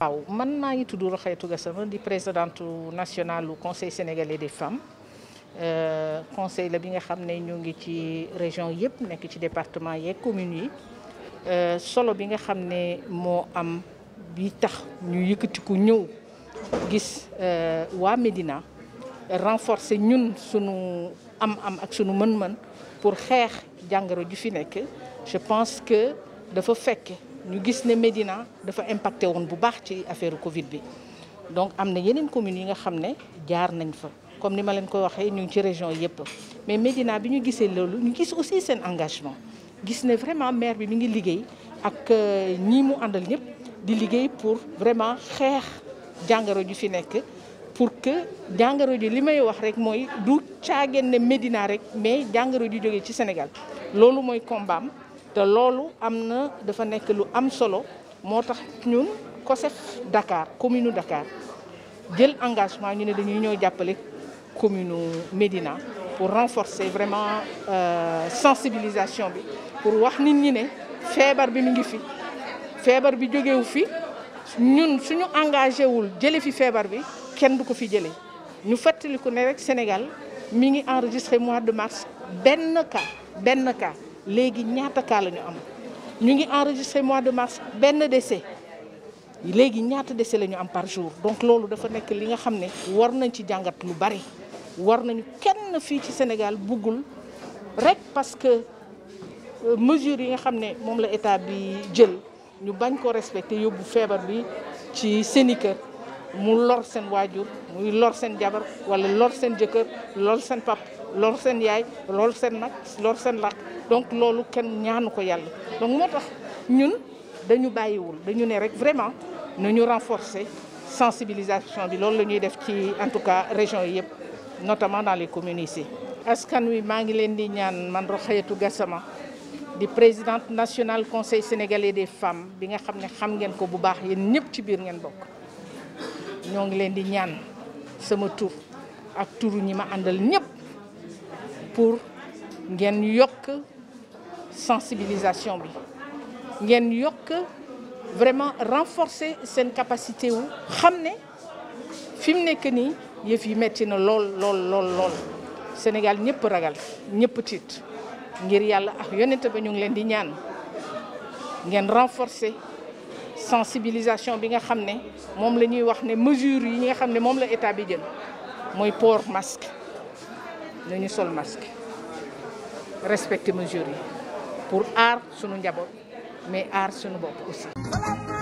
waaw man maa ngi tudd Rokhaytou Gassama di présidente nationale du conseil sénégalais des femmes euh, conseil la bi nga xam ne ñoo ngi ci région yëpp nekk ci département yeeg commune yi euh, solo bi nga xam ne moo am bi tax ñu yëkkati ku ñëw gis euh, waa Médina renforcer ñun sunu am-am ak sunu mën-mën pour xeex jàngaro ju fi nekk je pense que dafa fekk ñu gis ne Médina dafa impacté woon bu baax ci affaire Covid bi donc am na yeneen communes yi nga xam ne jaar nañ fa comme ni ma leen koy waxee ñu ngi ci région yëpp mais Médina bi ñu gisee loolu ñu gis aussi seen engagement gis ne vraiment maire bi mu ngi liggéey ak euh, ñi mu àndal ñëpp di liggéey pour vraiment xeex jàngaro ju fi nekk. pour que jàngoro ji li may wax rek mooy du caageen ne Médina rek mais jàngoro ji jógee ci Sénégal loolu mooy combam te loolu am na dafa nekk lu am solo moo tax ñun COSEF Dakar commune u Dakar jël engagement ñu ne dañuy ñëw jàppale commune Médina pour renforcer vraiment euh, sensibilisation bi pour wax nit ñi ne feebar bi mu ngi fi feebar bi jógewu fi ñun suñu engagé wul jële fi feebar bi kenn du ko fi jëlee ñu fàttaliku ne rek Sénégal mi ngi enregistré mois de mars benn cas benn cas léegi ñaata cas la ñu am ñu ngi enregistré mois de mars benn décès léegi ñaata décès la ñu am par jour donc loolu dafa nekk li nga xam ne war nañ ci jàngat lu bari war nañu kenn fii ci Sénégal buggul rek parce que euh, mesures yi nga xam ne moom la état bi jël ñu bañ ko respecté yóbbu feebar bi ci seeni kër mu lor seen waajur muy lor seen jabar wala lor seen jëkkër lor seen pap lor seen yaay lor seen nag lor seen rakk donc loolu kenn ñaanu ko yàlla donc moo tax ñun dañu bàyyiwul dañu ne rek vraiment nañu renforcer sensibilisation bi loolu la ñuy def ci en tout cas région yi yëpp notamment dans les communes ici askan wi maa ngi leen di ñaan man Rokhayatu Gassama di présidente national conseil sénégalais des femmes bi nga xam ne xam ngeen ko bu baax yéen ñëpp ci biir ngeen bokk ñoo ngi leen di ñaan sama tur ak turu ñi ma àndal ñëpp pour ngeen yokk sensibilisation bi ngeen yokk vraiment renforcer seen capacité wu xam ne fi mu nekk nii yëf yi metti na lool lool lool Sénégal ñëpp ragal ñëpp tiit ngir yàlla ak yonent ba ñu ngi leen di ñaan ngeen renforcer. sensibilisation bi nga xam ne moom la ñuy wax ne mesure yi nga xam ne moom la état bi jël mooy port masque nañu sol masque respecter mesure yi pour aar sunu njaboot mais aar sunu bopp aussi